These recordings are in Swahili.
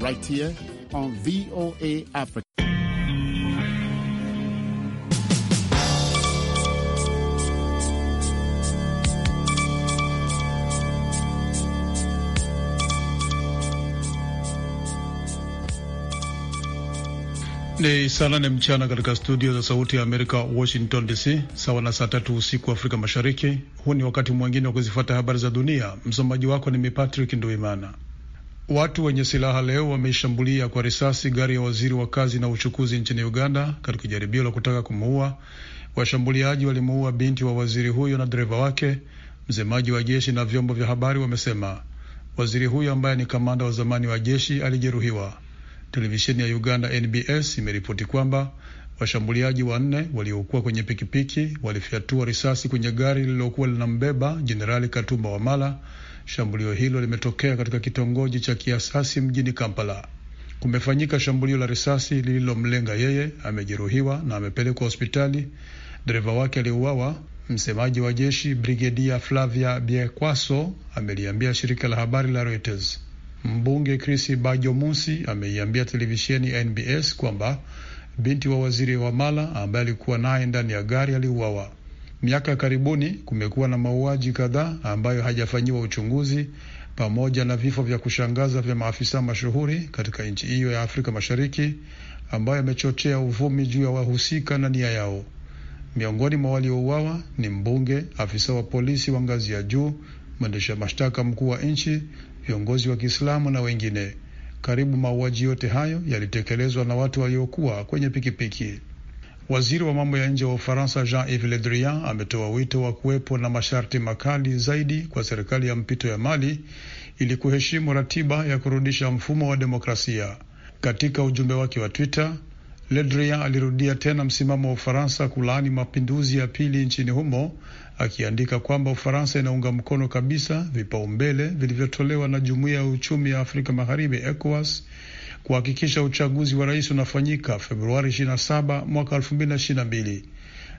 right here on VOA Africa. Ni saa nane mchana katika studio za Sauti ya Amerika, Washington DC, sawa na saa tatu usiku Afrika Mashariki. Huu ni wakati mwingine wa kuzifuata habari za dunia. Msomaji wako ni mipatrick Patrick Nduimana. Watu wenye silaha leo wameishambulia kwa risasi gari ya waziri wa kazi na uchukuzi nchini Uganda katika jaribio la kutaka kumuua. Washambuliaji walimuua binti wa waziri huyo na dereva wake, msemaji wa jeshi na vyombo vya habari wamesema. Waziri huyo ambaye ni kamanda wa zamani wa jeshi alijeruhiwa. Televisheni ya Uganda NBS imeripoti kwamba washambuliaji wanne waliokuwa kwenye pikipiki walifyatua risasi kwenye gari lililokuwa linambeba Jenerali Katumba Wamala Shambulio hilo limetokea katika kitongoji cha Kiasasi mjini Kampala. Kumefanyika shambulio la risasi lililomlenga yeye, amejeruhiwa na amepelekwa hospitali. Dereva wake aliuawa. Msemaji wa jeshi Brigedia Flavia Biekwaso ameliambia shirika la habari la Reuters. Mbunge Chris musi ameiambia televisheni NBS kwamba binti wa waziri wa mala ambaye alikuwa naye ndani ya gari aliuawa. Miaka ya karibuni kumekuwa na mauaji kadhaa ambayo hajafanyiwa uchunguzi pamoja na vifo vya kushangaza vya maafisa mashuhuri katika nchi hiyo ya Afrika Mashariki ambayo yamechochea uvumi juu ya wahusika na nia yao. Miongoni mwa waliouawa ni mbunge, afisa wa polisi wa ngazi ya juu, mwendesha mashtaka mkuu wa nchi, viongozi wa Kiislamu na wengine. Karibu mauaji yote hayo yalitekelezwa na watu waliokuwa kwenye pikipiki. Waziri wa mambo ya nje wa Ufaransa Jean-Yves Le Drian ametoa wito wa kuwepo na masharti makali zaidi kwa serikali ya mpito ya Mali ili kuheshimu ratiba ya kurudisha mfumo wa demokrasia. Katika ujumbe wake wa Twitter, Le Drian alirudia tena msimamo wa Ufaransa kulaani mapinduzi ya pili nchini humo, akiandika kwamba Ufaransa inaunga mkono kabisa vipaumbele vilivyotolewa na Jumuiya ya Uchumi ya Afrika Magharibi, ECOWAS kuhakikisha uchaguzi wa rais unafanyika Februari 27 mwaka 2022.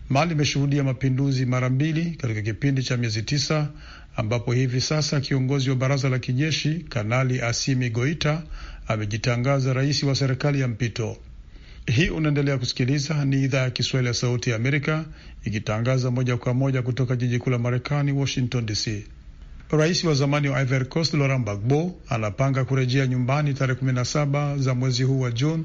Mali imeshuhudia mapinduzi mara mbili katika kipindi cha miezi tisa, ambapo hivi sasa kiongozi wa baraza la kijeshi Kanali Asimi Goita amejitangaza rais wa serikali ya mpito. Hii unaendelea kusikiliza, ni idhaa ya Kiswahili ya Sauti ya Amerika ikitangaza moja kwa moja kutoka jiji kuu la Marekani, Washington DC. Rais wa zamani wa Ivory Coast Laurent Gbagbo anapanga kurejea nyumbani tarehe 17 za mwezi huu wa Juni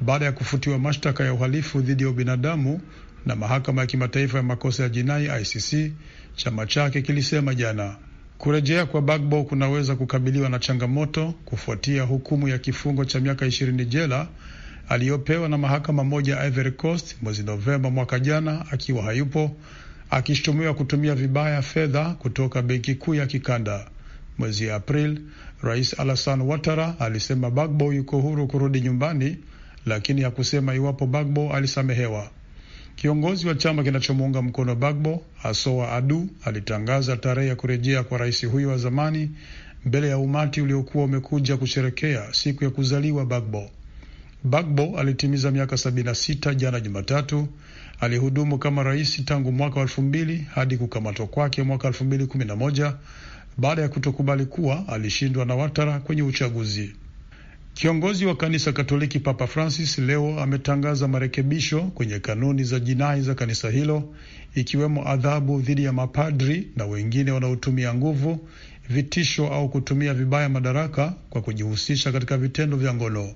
baada ya kufutiwa mashtaka ya uhalifu dhidi ya ubinadamu na mahakama ya kimataifa ya makosa ya jinai ICC, chama chake kilisema jana. Kurejea kwa Bagbo kunaweza kukabiliwa na changamoto kufuatia hukumu ya kifungo cha miaka ishirini jela aliyopewa na mahakama moja ya Ivory Coast mwezi Novemba mwaka jana akiwa hayupo akishutumiwa kutumia vibaya fedha kutoka benki kuu ya kikanda. Mwezi april Rais Alasan Watara alisema Bagbo yuko huru kurudi nyumbani, lakini hakusema iwapo Bagbo alisamehewa. Kiongozi wa chama kinachomuunga mkono Bagbo, Asoa Adu, alitangaza tarehe ya kurejea kwa rais huyo wa zamani mbele ya umati uliokuwa umekuja kusherekea siku ya kuzaliwa Bagbo. Bagbo alitimiza miaka 76 jana Jumatatu, Alihudumu kama rais tangu mwaka wa elfu mbili hadi kukamatwa kwake mwaka elfu mbili kumi na moja baada ya kutokubali kuwa alishindwa na Watara kwenye uchaguzi. Kiongozi wa kanisa Katoliki Papa Francis leo ametangaza marekebisho kwenye kanuni za jinai za kanisa hilo, ikiwemo adhabu dhidi ya mapadri na wengine wanaotumia nguvu, vitisho au kutumia vibaya madaraka kwa kujihusisha katika vitendo vya ngono.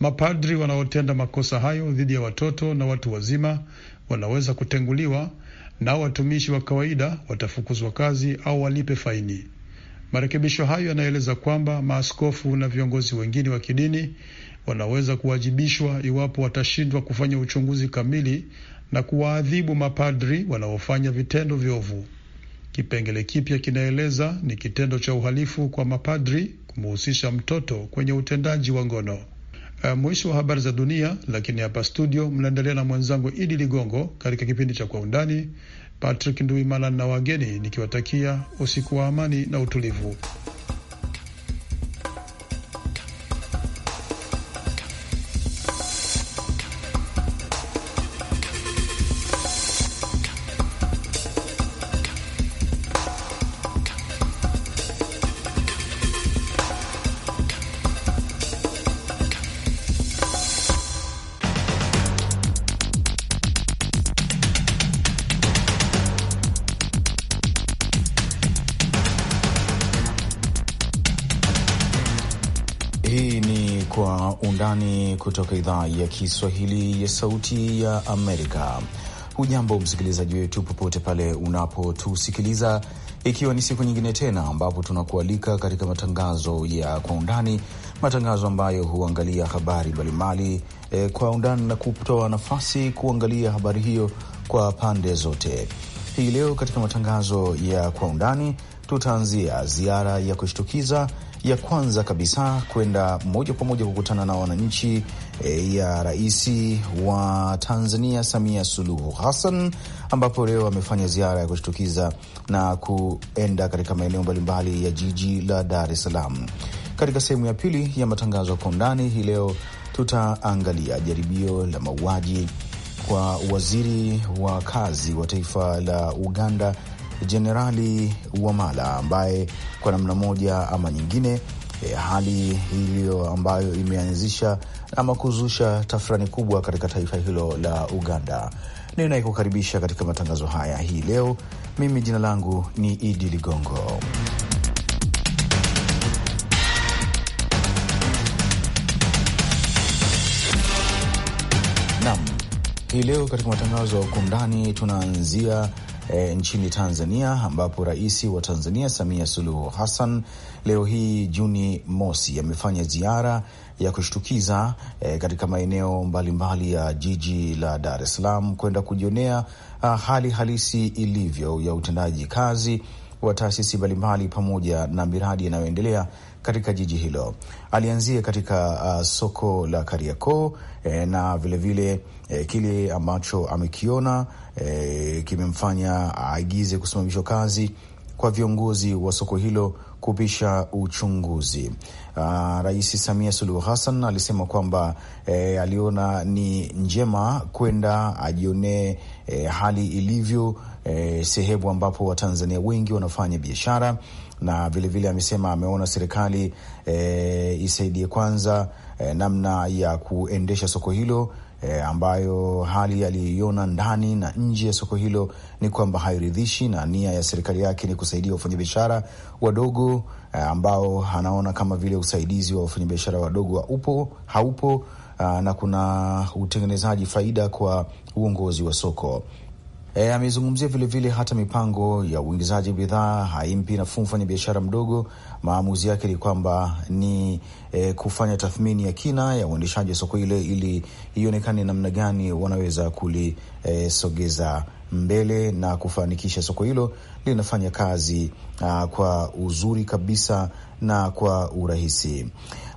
Mapadri wanaotenda makosa hayo dhidi ya watoto na watu wazima wanaweza kutenguliwa, nao watumishi wa kawaida watafukuzwa kazi au walipe faini. Marekebisho hayo yanaeleza kwamba maaskofu na viongozi wengine wa kidini wanaweza kuwajibishwa iwapo watashindwa kufanya uchunguzi kamili na kuwaadhibu mapadri wanaofanya vitendo vyovu. Kipengele kipya kinaeleza ni kitendo cha uhalifu kwa mapadri kumhusisha mtoto kwenye utendaji wa ngono. Eh, mwisho wa habari za dunia, lakini hapa studio mnaendelea na mwenzangu Idi Ligongo katika kipindi cha Kwa Undani. Patrick Nduimana na wageni nikiwatakia usiku wa amani na utulivu. kutoka idhaa ya Kiswahili ya Sauti ya Amerika. Hujambo msikilizaji wetu, popote pale unapotusikiliza, ikiwa ni siku nyingine tena ambapo tunakualika katika matangazo ya Kwa Undani, matangazo ambayo huangalia habari mbalimbali e, kwa undani na kutoa nafasi kuangalia habari hiyo kwa pande zote. Hii leo katika matangazo ya Kwa Undani tutaanzia ziara ya kushtukiza ya kwanza kabisa kwenda moja kwa moja kukutana na wananchi e, ya rais wa Tanzania Samia Suluhu Hassan, ambapo leo amefanya ziara ya kushtukiza na kuenda katika maeneo mbalimbali ya jiji la Dar es Salaam. Katika sehemu ya pili ya matangazo ya kwa undani hii leo tutaangalia jaribio la mauaji kwa waziri wa kazi wa taifa la Uganda Jenerali Wamala ambaye kwa namna moja ama nyingine E, hali hiyo ambayo imeanzisha ama kuzusha tafrani kubwa katika taifa hilo la Uganda. Ninayekukaribisha katika matangazo haya hii leo, mimi jina langu ni Idi Ligongo. Naam, hii leo katika matangazo ya kundani tunaanzia e, nchini Tanzania ambapo rais wa Tanzania Samia Suluhu Hassan leo hii Juni mosi amefanya ziara ya kushtukiza e, katika maeneo mbalimbali ya jiji la Dar es Salaam kwenda kujionea a, hali halisi ilivyo ya utendaji kazi wa taasisi mbalimbali pamoja na miradi inayoendelea katika jiji hilo. Alianzia katika uh, soko la Kariakoo eh, na vilevile vile, eh, kile ambacho amekiona eh, kimemfanya aagize kusimamishwa kazi kwa viongozi wa soko hilo kupisha uchunguzi. Uh, Rais Samia Suluhu Hassan alisema kwamba eh, aliona ni njema kwenda ajionee eh, hali ilivyo eh, sehemu ambapo Watanzania wengi wanafanya biashara na vilevile amesema ameona serikali e, isaidie kwanza e, namna ya kuendesha soko hilo e, ambayo hali aliyoiona ndani na nje ya soko hilo ni kwamba hairidhishi, na nia ya serikali yake ni kusaidia wafanyabiashara wadogo e, ambao anaona kama vile usaidizi wa wafanyabiashara wadogo upo haupo. Aa, na kuna utengenezaji faida kwa uongozi wa soko. E, amezungumzia vilevile hata mipango ya uingizaji bidhaa haimpi nafuu biashara mdogo. Maamuzi yake ni kwamba ni e, kufanya tathmini ya kina ya uendeshaji wa soko ile ili ionekane namna gani wanaweza kulisogeza e, mbele na kufanikisha soko hilo linafanya kazi a, kwa uzuri kabisa na kwa urahisi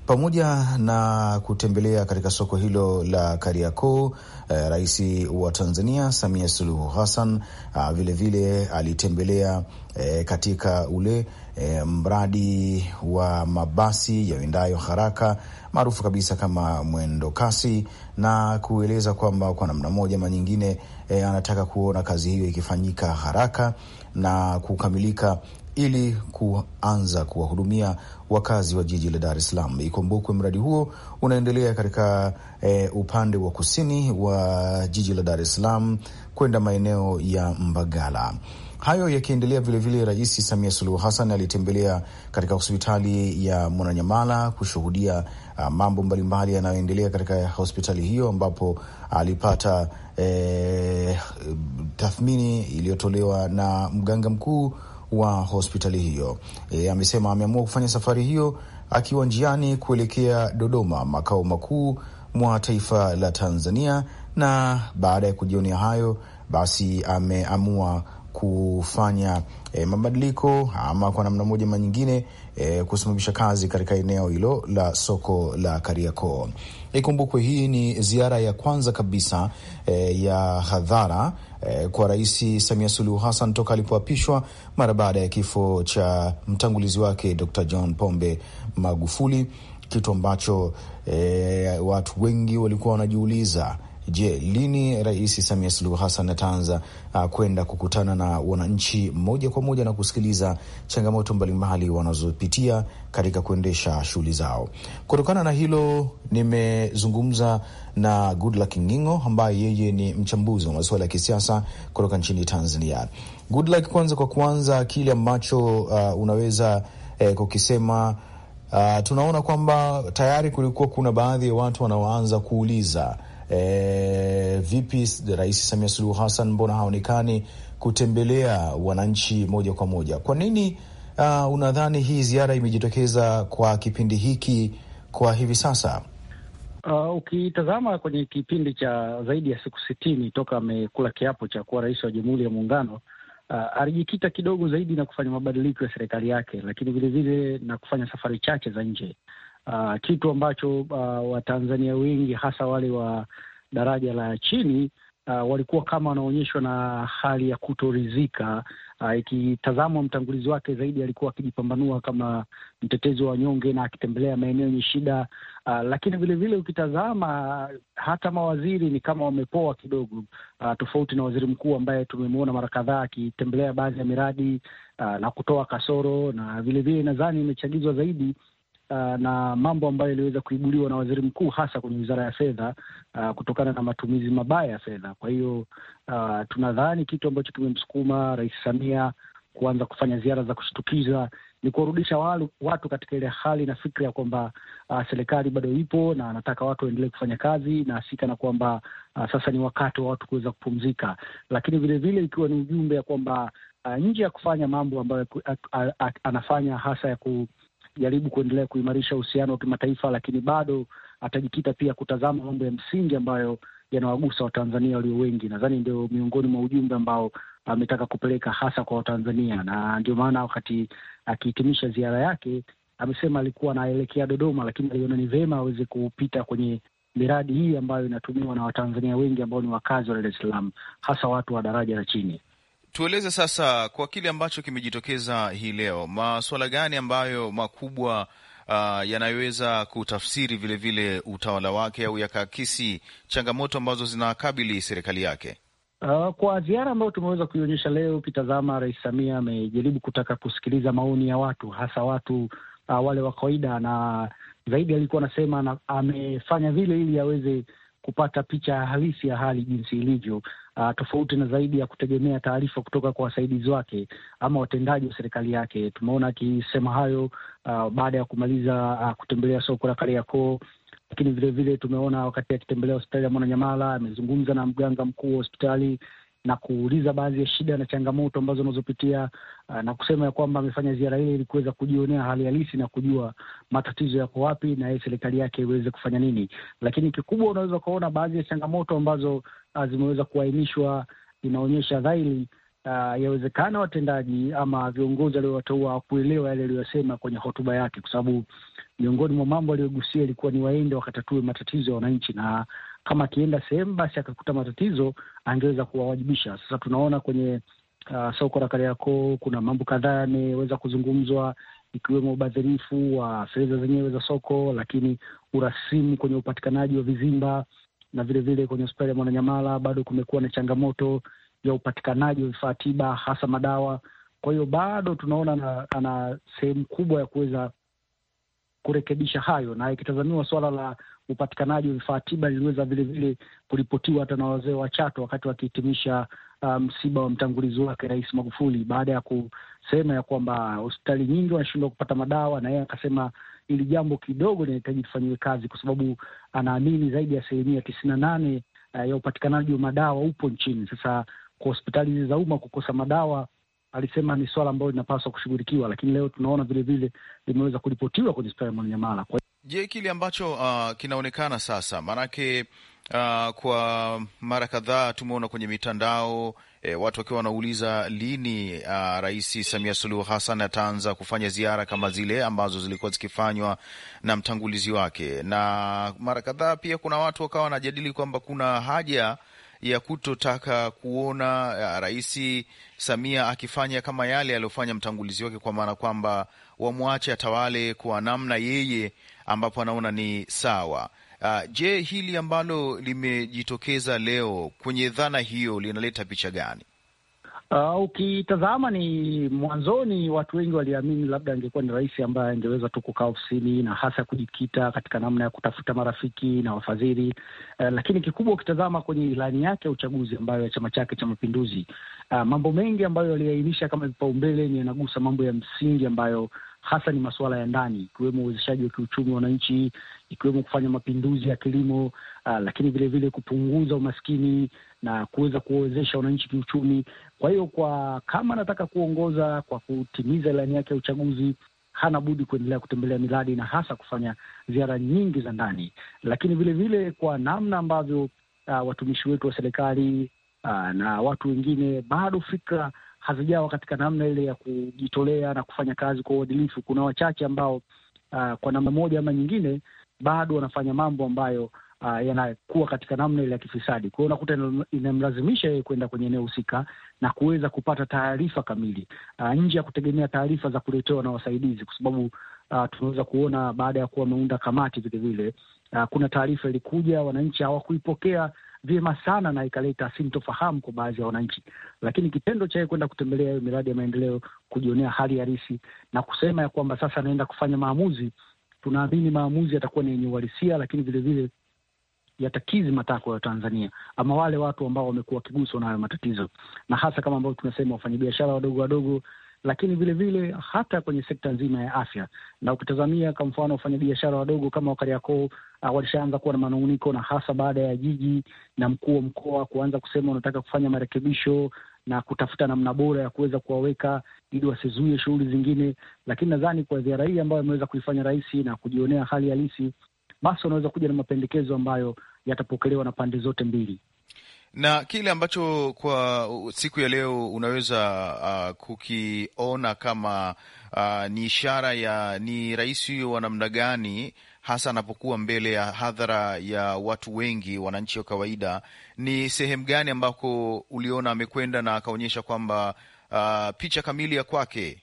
pamoja na kutembelea katika soko hilo la Kariakoo. Eh, Rais wa Tanzania Samia Suluhu Hassan ah, vilevile alitembelea eh, katika ule eh, mradi wa mabasi yaendayo haraka maarufu kabisa kama mwendo kasi, na kueleza kwamba kwa namna moja ama nyingine eh, anataka kuona kazi hiyo ikifanyika haraka na kukamilika ili kuanza kuwahudumia wakazi wa jiji la Dar es Salaam. Ikumbukwe mradi huo unaendelea katika e, upande wa kusini wa jiji la Dar es Salaam kwenda maeneo ya Mbagala. Hayo yakiendelea vilevile, Rais Samia Suluhu Hassan alitembelea katika hospitali ya Mwananyamala kushuhudia uh, mambo mbalimbali yanayoendelea katika hospitali hiyo, ambapo alipata eh, tathmini iliyotolewa na mganga mkuu wa hospitali hiyo. E, amesema ameamua kufanya safari hiyo akiwa njiani kuelekea Dodoma, makao makuu mwa taifa la Tanzania, na baada ya kujionea hayo basi ameamua kufanya e, mabadiliko ama kwa namna moja manyingine e, kusimamisha kazi katika eneo hilo la soko la Kariakoo. Ikumbukwe hii ni ziara ya kwanza kabisa e, ya hadhara eh, kwa Rais Samia Suluhu Hassan toka alipoapishwa mara baada ya kifo cha mtangulizi wake Dr. John Pombe Magufuli, kitu ambacho eh, watu wengi walikuwa wanajiuliza Je, lini Rais Samia Suluhu Hassan ataanza uh, kwenda kukutana na wananchi moja kwa moja na kusikiliza changamoto mbalimbali wanazopitia katika kuendesha shughuli zao? Kutokana na hilo, nimezungumza na Goodluck Ngingo ambaye yeye ni mchambuzi wa masuala ya kisiasa kutoka nchini Tanzania. Goodluck, kwanza kwa kuanza, kile ambacho uh, unaweza eh, kukisema Uh, tunaona kwamba tayari kulikuwa kuna baadhi ya watu wanaoanza kuuliza e, vipi Rais Samia Suluhu Hassan mbona haonekani kutembelea wananchi moja kwa moja? Kwa nini uh, unadhani hii ziara imejitokeza kwa kipindi hiki kwa hivi sasa? Uh, ukitazama kwenye kipindi cha zaidi ya siku sitini toka amekula kiapo cha kuwa rais wa Jamhuri ya Muungano, uh, alijikita kidogo zaidi na kufanya mabadiliko ya serikali yake, lakini vilevile na kufanya safari chache za nje uh, kitu ambacho uh, Watanzania wengi hasa wale wa daraja la chini uh, walikuwa kama wanaonyeshwa na hali ya kutoridhika. Uh, ikitazamwa mtangulizi wake zaidi alikuwa akijipambanua kama mtetezi wa wanyonge na akitembelea maeneo yenye shida uh, lakini vilevile ukitazama hata mawaziri ni kama wamepoa kidogo uh, tofauti na waziri mkuu ambaye tumemwona mara kadhaa akitembelea baadhi ya miradi uh, na kutoa kasoro, na vilevile nadhani imechagizwa zaidi uh, na mambo ambayo yaliweza kuibuliwa na waziri mkuu hasa kwenye wizara ya fedha uh, kutokana na matumizi mabaya ya fedha. Kwa hiyo uh, tunadhani kitu ambacho kimemsukuma Rais Samia kuanza kufanya ziara za kushtukiza ni kuwarudisha watu katika ile hali na fikra ya kwamba uh, serikali bado ipo na anataka watu waendelee kufanya kazi na na kwamba uh, sasa ni wakati wa watu kuweza kupumzika, lakini vilevile ikiwa ni ujumbe ya kwamba uh, nje ya kufanya mambo ambayo anafanya hasa ya ku jaribu kuendelea kuimarisha uhusiano wa kimataifa, lakini bado atajikita pia kutazama mambo ya msingi ambayo yanawagusa Watanzania walio wengi. Nadhani ndio miongoni mwa ujumbe ambao ametaka kupeleka hasa kwa Watanzania, na ndio maana wakati akihitimisha ziara yake amesema alikuwa anaelekea Dodoma, lakini aliona ni vema aweze kupita kwenye miradi hii ambayo inatumiwa na Watanzania wengi ambao ni wakazi wa Dar es Salaam, hasa watu wa daraja la chini. Tueleze sasa kwa kile ambacho kimejitokeza hii leo, masuala gani ambayo makubwa uh, yanayoweza kutafsiri vilevile vile utawala wake au yakaakisi changamoto ambazo zinakabili serikali yake? Uh, kwa ziara ambayo tumeweza kuionyesha leo, ukitazama Rais Samia amejaribu kutaka kusikiliza maoni ya watu, hasa watu uh, wale wa kawaida, na zaidi alikuwa anasema amefanya vile ili aweze kupata picha halisi ya hali jinsi ilivyo uh, tofauti na zaidi ya kutegemea taarifa kutoka kwa wasaidizi wake ama watendaji wa serikali yake. Tumeona akisema hayo uh, baada ya kumaliza uh, kutembelea soko la Kariakoo lakini vilevile tumeona wakati akitembelea hospitali ya Mwananyamala amezungumza na mganga mkuu wa hospitali na kuuliza baadhi ya shida na changamoto ambazo unazopitia uh, na kusema ya kwamba amefanya ziara ile ili kuweza kujionea hali halisi na kujua matatizo yako wapi na yeye serikali yake iweze kufanya nini. Lakini kikubwa unaweza ukaona baadhi ya changamoto ambazo uh, zimeweza kuainishwa, inaonyesha dhahiri Uh, yawezekana watendaji ama viongozi aliowateua kuelewa yale aliyosema kwenye hotuba yake, kwa sababu miongoni mwa mambo aliyogusia ilikuwa ni waende wakatatue matatizo ya wananchi, na kama akienda sehemu basi akakuta matatizo angeweza kuwawajibisha. Sasa tunaona kwenye uh, soko la Kariakoo kuna mambo kadhaa yameweza kuzungumzwa ikiwemo ubadhirifu wa fedha zenyewe za soko, lakini urasimu kwenye upatikanaji wa vizimba na vilevile vile kwenye hospitali ya Mwananyamala bado kumekuwa na changamoto ya upatikanaji wa vifaa tiba hasa madawa. Kwa hiyo bado tunaona ana, ana sehemu kubwa ya kuweza kurekebisha hayo, na ikitazamiwa suala la upatikanaji wa vifaa tiba liliweza vilevile kuripotiwa hata na wazee wa Chato wakati wakihitimisha uh, msiba um, wa mtangulizi wake Rais Magufuli baada ya kusema ya kwamba hospitali nyingi wanashindwa kupata madawa, na yeye akasema ili jambo kidogo linahitaji tufanyiwe kazi, kwa sababu anaamini zaidi ya asilimia tisini na nane uh, ya upatikanaji wa madawa upo nchini. Sasa kwa hospitali hizi za umma kukosa madawa alisema ni swala ambalo linapaswa kushughulikiwa, lakini leo tunaona vilevile limeweza kuripotiwa kwenye hospitali ya Mwananyamala. Je, kile ambacho uh, kinaonekana sasa, maanake uh, kwa mara kadhaa tumeona kwenye mitandao e, watu wakiwa wanauliza lini uh, Rais Samia Suluhu Hassan ataanza kufanya ziara kama zile ambazo zilikuwa zikifanywa na mtangulizi wake, na mara kadhaa pia kuna watu wakawa wanajadili kwamba kuna haja ya kutotaka kuona eh, Rais Samia akifanya kama yale aliyofanya mtangulizi wake, kwa maana kwamba wamwache atawale kwa namna yeye ambapo anaona ni sawa. Uh, je, hili ambalo limejitokeza leo kwenye dhana hiyo linaleta picha gani? Uh, ukitazama ni mwanzoni, watu wengi waliamini labda angekuwa ni rais ambaye angeweza tu kukaa ofisini na hasa kujikita katika namna ya kutafuta marafiki na wafadhili uh, lakini kikubwa ukitazama kwenye ilani yake ya uchaguzi ambayo ya chama chake cha Mapinduzi uh, mambo mengi ambayo yaliainisha kama vipaumbele ni yanagusa mambo ya msingi ambayo hasa ni masuala ya ndani, ikiwemo uwezeshaji wa kiuchumi wa wananchi, ikiwemo kufanya mapinduzi ya kilimo uh, lakini vilevile kupunguza umaskini na kuweza kuwawezesha wananchi kiuchumi. Kwa hiyo kwa kama anataka kuongoza kwa kutimiza ilani yake ya uchaguzi hana budi kuendelea kutembelea miradi na hasa kufanya ziara nyingi za ndani, lakini vilevile vile kwa namna ambavyo uh, watumishi wetu wa serikali uh, na watu wengine bado fikra hazijawa katika namna ile ya kujitolea na kufanya kazi kwa uadilifu. Kuna wachache ambao uh, kwa namna moja ama nyingine bado wanafanya mambo ambayo Uh, yanakuwa katika namna ile ya kifisadi. Kwa hiyo unakuta inamlazimisha yeye kwenda kwenye eneo husika na kuweza kupata taarifa kamili uh, nje ya kutegemea taarifa za kuletewa na wasaidizi, kwa sababu uh, tunaweza kuona baada ya kuwa wameunda kamati vilevile uh, kuna taarifa ilikuja, wananchi hawakuipokea vyema sana na ikaleta sintofahamu kwa baadhi ya wananchi, lakini kitendo cha yeye kwenda kutembelea hiyo miradi ya maendeleo, kujionea hali halisi na kusema ya kwamba sasa anaenda kufanya maamuzi, tunaamini maamuzi yatakuwa ni yenye uhalisia, lakini vilevile yatakizi matakwa ya Tanzania ama wale watu ambao wamekuwa wakiguswa na hayo matatizo, na hasa kama ambavyo tunasema wafanyabiashara wadogo wadogo lakini vilevile hata kwenye sekta nzima ya afya. Na ukitazamia kwa mfano wafanyabiashara wadogo kama Wakariakoo uh, walishaanza kuwa na manunguniko, na hasa baada ya jiji na mkuu wa mkoa kuanza kusema wanataka kufanya marekebisho na kutafuta namna bora ya kuweza kuwaweka ili wasizuie shughuli zingine. Lakini nadhani kwa ziara hii ambayo ameweza kuifanya rais na kujionea hali halisi, basi wanaweza kuja na mapendekezo ambayo yatapokelewa na pande zote mbili na kile ambacho kwa siku ya leo unaweza uh, kukiona kama uh, ni ishara ya ni rais wa namna gani hasa anapokuwa mbele ya hadhara ya watu wengi, wananchi wa kawaida, ni sehemu gani ambako uliona amekwenda na akaonyesha kwamba uh, picha kamili ya kwake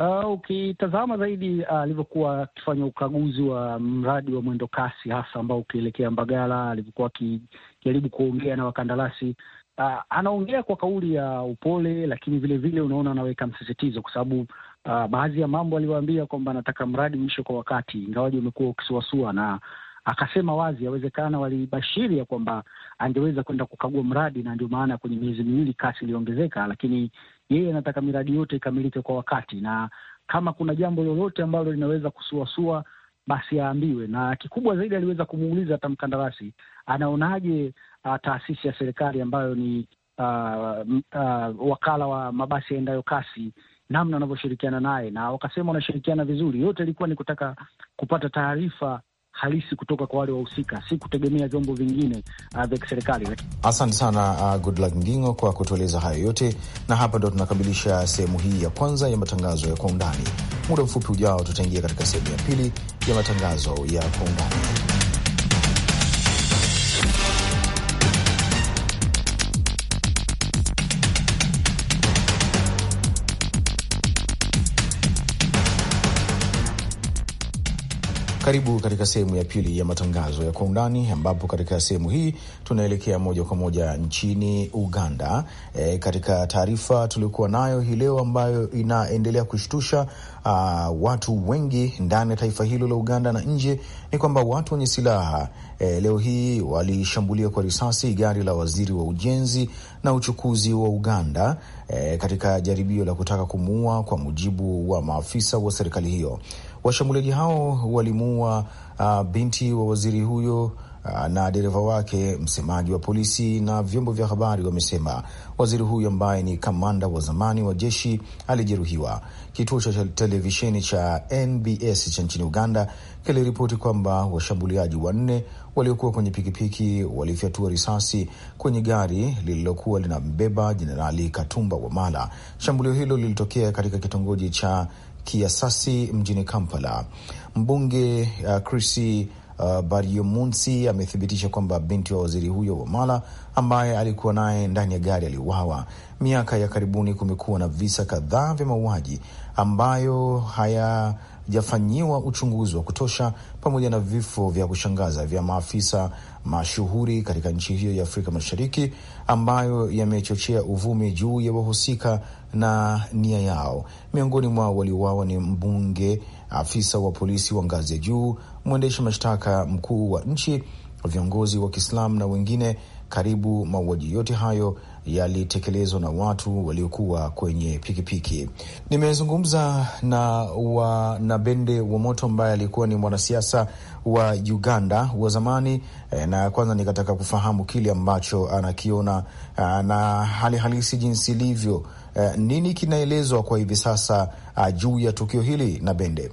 Uh, ukitazama uh, okay, zaidi alivyokuwa uh, akifanya ukaguzi wa mradi wa mwendo kasi hasa ambao ukielekea Mbagala, alivyokuwa akijaribu kuongea na wakandarasi uh, anaongea kwa kauli ya upole, lakini vilevile vile unaona anaweka msisitizo kwa sababu uh, baadhi ya mambo aliyoambia kwamba anataka mradi uishe kwa wakati, ingawaji umekuwa ukisuasua na akasema wazi, yawezekana walibashiri ya kwamba angeweza kwenda kukagua mradi, na ndio maana kwenye miezi miwili kasi iliongezeka, lakini yeye anataka miradi yote ikamilike kwa wakati, na kama kuna jambo lolote ambalo linaweza kusuasua basi aambiwe. Na kikubwa zaidi, aliweza kumuuliza hata mkandarasi anaonaje uh, taasisi ya serikali ambayo ni Uh, uh, wakala wa mabasi yaendayo kasi namna wanavyoshirikiana naye, na wakasema wanashirikiana vizuri. Yote ilikuwa ni kutaka kupata taarifa halisi kutoka kwa wale wahusika, si kutegemea vyombo vingine uh, vya kiserikali. Asante sana uh, Goodluck Ngingo kwa kutueleza hayo yote, na hapa ndo tunakamilisha sehemu hii ya kwanza ya matangazo ya kwa undani. Muda mfupi ujao, tutaingia katika sehemu ya pili ya matangazo ya kwa undani. Karibu katika sehemu ya pili ya matangazo ya kwa undani, ambapo katika sehemu hii tunaelekea moja kwa moja nchini Uganda. E, katika taarifa tuliokuwa nayo hii leo ambayo inaendelea kushtusha uh, watu wengi ndani ya taifa hilo la Uganda na nje ni kwamba watu wenye silaha e, leo hii walishambulia kwa risasi gari la waziri wa ujenzi na uchukuzi wa Uganda e, katika jaribio la kutaka kumuua, kwa mujibu wa maafisa wa serikali hiyo. Washambuliaji hao walimuua uh, binti wa waziri huyo uh, na dereva wake. Msemaji wa polisi na vyombo vya habari wamesema waziri huyo ambaye ni kamanda wa zamani wa jeshi alijeruhiwa. Kituo cha televisheni cha NBS cha nchini Uganda kiliripoti kwamba washambuliaji wanne waliokuwa kwenye pikipiki walifyatua risasi kwenye gari lililokuwa linambeba Jenerali Katumba Wamala. Shambulio hilo lilitokea katika kitongoji cha Kiasasi mjini Kampala. Mbunge uh, Chris uh, Baryomunsi amethibitisha kwamba binti wa waziri huyo wa Mala ambaye alikuwa naye ndani ya gari aliuawa. Miaka ya karibuni kumekuwa na visa kadhaa vya mauaji ambayo haya hajafanyiwa uchunguzi wa kutosha, pamoja na vifo vya kushangaza vya maafisa mashuhuri katika nchi hiyo ya Afrika Mashariki ambayo yamechochea uvumi juu ya wahusika na nia yao. Miongoni mwa waliouawa ni mbunge, afisa wa polisi wa ngazi ya juu, mwendesha mashtaka mkuu wa nchi, viongozi wa Kiislamu na wengine. Karibu mauaji yote hayo yalitekelezwa na watu waliokuwa kwenye pikipiki. Nimezungumza na Wanabende wa Moto ambaye alikuwa ni mwanasiasa wa Uganda wa zamani eh, na kwanza nikataka kufahamu kile ambacho anakiona ah, na hali halisi jinsi ilivyo. Eh, nini kinaelezwa kwa hivi sasa ah, juu ya tukio hili na Bende?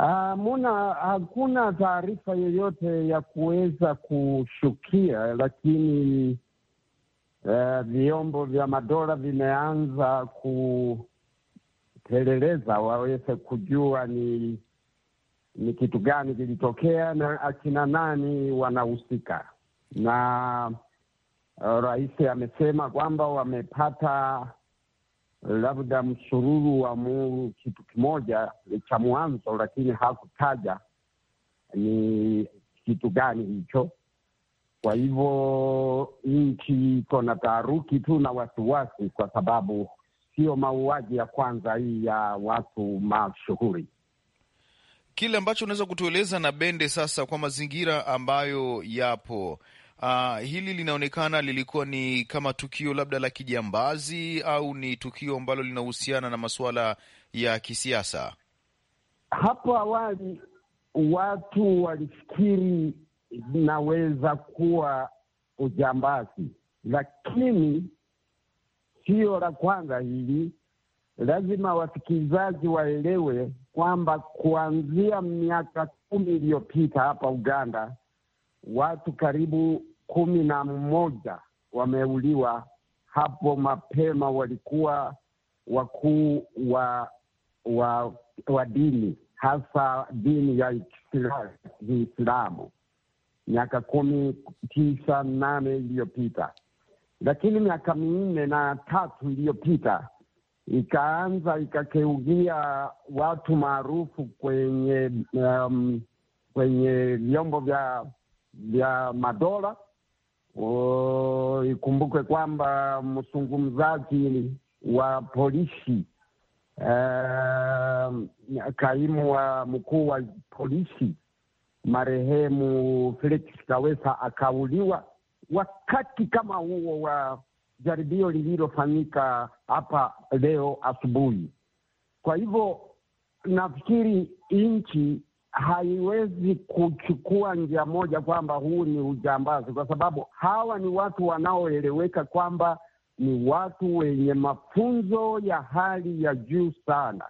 Uh, muna hakuna taarifa yoyote ya kuweza kushukia, lakini vyombo eh, vyombo vya madola vimeanza kupeleleza waweze kujua ni ni kitu gani kilitokea na akina nani wanahusika. Na uh, rais amesema kwamba wamepata labda msururu wa mu kitu kimoja cha mwanzo, lakini hakutaja ni kitu gani hicho kwa hivyo nchi iko na taharuki tu na wasiwasi, kwa sababu sio mauaji ya kwanza hii ya watu mashuhuri. Kile ambacho unaweza kutueleza na Bende sasa, kwa mazingira ambayo yapo Uh, hili linaonekana lilikuwa ni kama tukio labda la kijambazi au ni tukio ambalo linahusiana na masuala ya kisiasa. Hapo awali watu walifikiri inaweza kuwa ujambazi, lakini sio la kwanza hili. Lazima wasikilizaji waelewe kwamba kuanzia miaka kumi iliyopita hapa Uganda watu karibu kumi na mmoja wameuliwa. Hapo mapema walikuwa wakuu wa, wa, wa dini hasa dini ya Kiislamu miaka kumi tisa nane iliyopita, lakini miaka minne na tatu iliyopita ikaanza ikakeugia watu maarufu kwenye um, kwenye vyombo vya vya madola. Ikumbukwe kwamba mzungumzaji wa polisi um, kaimu wa mkuu wa polisi marehemu Felix Kaweesa akauliwa wakati kama huo wa jaribio lililofanyika hapa leo asubuhi. Kwa hivyo nafikiri nchi haiwezi kuchukua njia moja kwamba huu ni ujambazi, kwa sababu hawa ni watu wanaoeleweka kwamba ni watu wenye mafunzo ya hali ya juu sana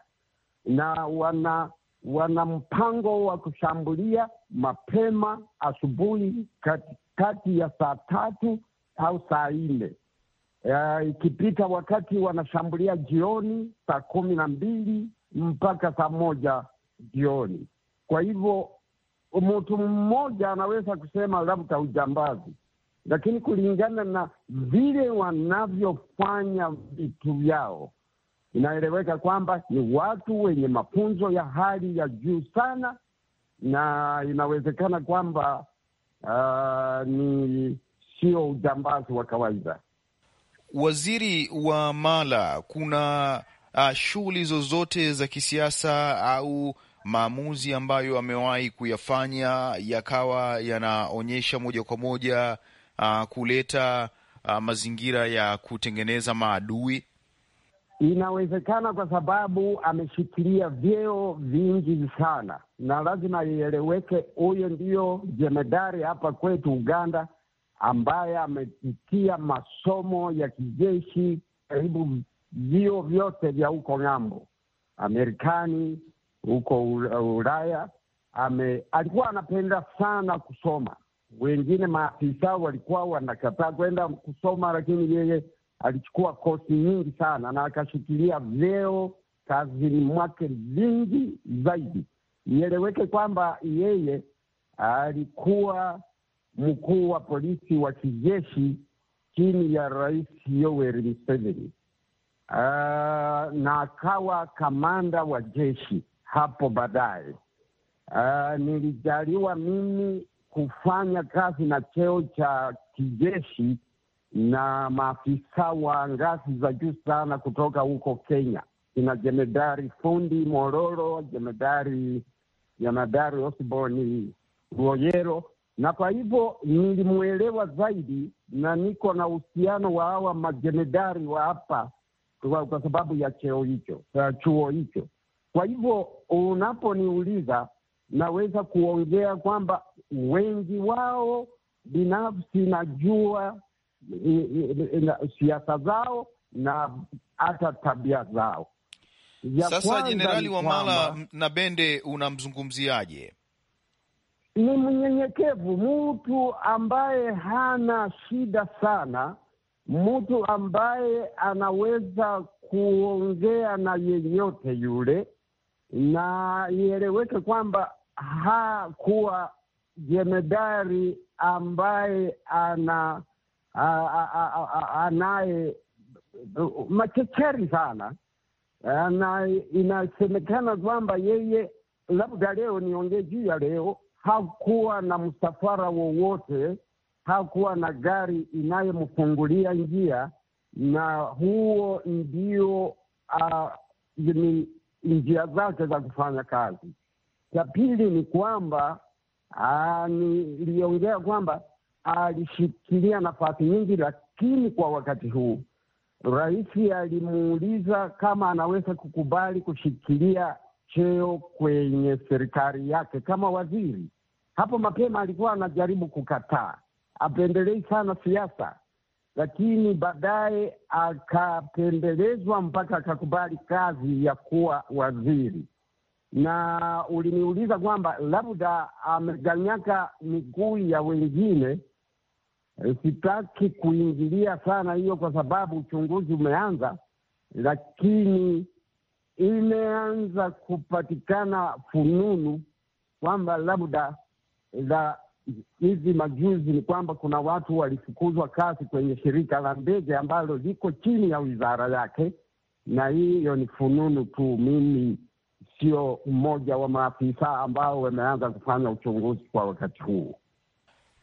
na wana wana mpango wa kushambulia mapema asubuhi kati, kati ya saa tatu au saa nne uh, ikipita wakati wanashambulia jioni saa kumi na mbili mpaka saa moja jioni. Kwa hivyo mtu mmoja anaweza kusema labda ujambazi, lakini kulingana na vile wanavyofanya vitu vyao inaeleweka kwamba ni watu wenye mafunzo ya hali ya juu sana, na inawezekana kwamba uh, ni sio ujambazi wa kawaida. Waziri wa mala, kuna uh, shughuli zozote za kisiasa au maamuzi ambayo amewahi kuyafanya yakawa yanaonyesha moja kwa moja uh, kuleta uh, mazingira ya kutengeneza maadui? Inawezekana kwa sababu ameshikilia vyeo vingi sana, na lazima ieleweke, huyo ndiyo jemedari hapa kwetu Uganda ambaye amepitia masomo ya kijeshi karibu vyuo vyote vya huko ng'ambo, Amerikani, huko Ulaya. Ame, alikuwa anapenda sana kusoma. Wengine maafisa walikuwa wanakataa kwenda kusoma, lakini yeye alichukua kosi nyingi sana na akashikilia vyeo kazini mwake vingi zaidi. Ieleweke kwamba yeye alikuwa mkuu wa polisi wa kijeshi chini ya Rais Yoweri Museveni. Uh, na akawa kamanda wa jeshi hapo baadaye. Uh, nilijaliwa mimi kufanya kazi na cheo cha kijeshi na maafisa wa ngazi za juu sana kutoka huko Kenya, kina jemedari Fundi Mororo, jemedari jemedari Osborni Ruoyero, na kwa hivyo nilimwelewa zaidi na niko na uhusiano wa hawa majemedari wa hapa kwa sababu ya cheo hicho chuo hicho. Kwa hivyo unaponiuliza, naweza kuongea kwamba wengi wao binafsi najua siasa zao na hata tabia zao. Ya sasa Jenerali Wamala na Bende unamzungumziaje? Ni mnyenyekevu, mtu ambaye hana shida sana, mtu ambaye anaweza kuongea na yeyote yule, na ieleweke kwamba hakuwa jemedari ambaye ana anaye machecheri sana na inasemekana kwamba yeye labda leo niongee juu ya leo, hakuwa na msafara wowote, hakuwa na gari inayemfungulia njia, na huo ndio uh, njia zake za kufanya kazi. Cha pili ni kwamba uh, niliongea kwamba alishikilia nafasi nyingi, lakini kwa wakati huu rais alimuuliza kama anaweza kukubali kushikilia cheo kwenye serikali yake kama waziri. Hapo mapema alikuwa anajaribu kukataa, apendelei sana siasa, lakini baadaye akapendelezwa mpaka akakubali kazi ya kuwa waziri. Na uliniuliza kwamba labda ameganyaka miguu ya wengine Eh, sitaki kuingilia sana hiyo, kwa sababu uchunguzi umeanza, lakini imeanza kupatikana fununu kwamba labda la hizi majuzi ni kwamba kuna watu walifukuzwa kazi kwenye shirika la ndege ambalo liko chini ya wizara yake, na hiyo ni fununu tu. Mimi sio mmoja wa maafisa ambao wameanza kufanya uchunguzi kwa wakati huu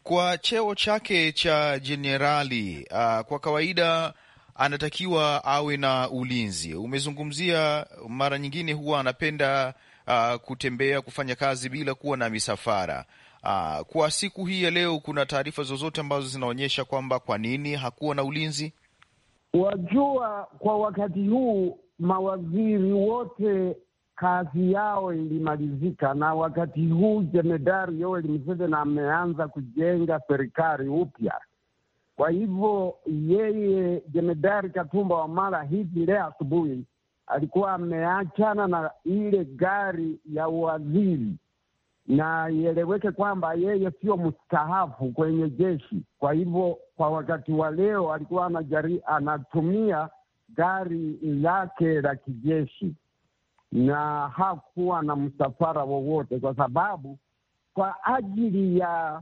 kwa cheo chake cha jenerali uh, kwa kawaida anatakiwa awe na ulinzi. Umezungumzia mara nyingine, huwa anapenda uh, kutembea kufanya kazi bila kuwa na misafara uh, kwa siku hii ya leo, kuna taarifa zozote ambazo zinaonyesha kwamba kwa nini hakuwa na ulinzi? Wajua, kwa wakati huu mawaziri wote kazi yao ilimalizika, na wakati huu jemedari Yoweri Museveni ameanza kujenga serikali upya. Kwa hivyo yeye jemedari Katumba Wamala hivi leo asubuhi alikuwa ameachana na ile gari ya uwaziri, na ieleweke kwamba yeye sio mstaafu kwenye jeshi. Kwa hivyo kwa wakati wa leo alikuwa anajari, anatumia gari lake la kijeshi na hakuwa na msafara wowote, kwa sababu kwa ajili ya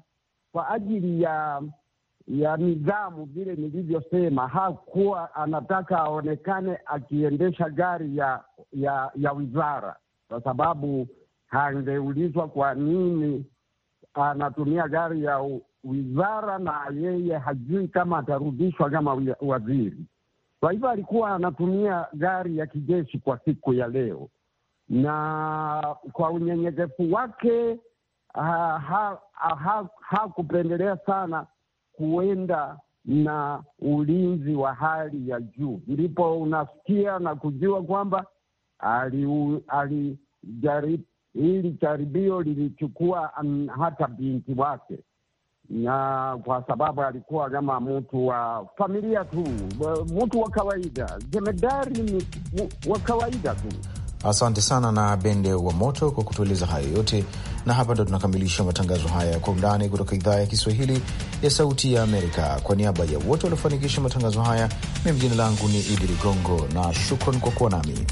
kwa ajili ya ya nidhamu, vile nilivyosema, hakuwa anataka aonekane akiendesha gari ya ya ya wizara, kwa sababu hangeulizwa kwa nini anatumia gari ya wizara na yeye hajui kama atarudishwa kama waziri. Kwa hivyo alikuwa anatumia gari ya kijeshi kwa siku ya leo, na kwa unyenyekevu wake hakupendelea ha, ha, ha sana kuenda na ulinzi wa hali ya juu. Ndipo unasikia na kujua kwamba hili jaribio lilichukua mm, hata binti wake, na kwa sababu alikuwa kama mtu wa familia tu, mtu wa kawaida, jemedari wa kawaida tu. Asante sana na Bende wa Moto kwa kutueleza hayo yote, na hapa ndo tunakamilisha matangazo haya kwa undani kutoka idhaa ya Kiswahili ya Sauti ya Amerika. Kwa niaba ya wote waliofanikisha matangazo haya, mimi jina langu ni Idi Ligongo na shukran kwa kuwa nami.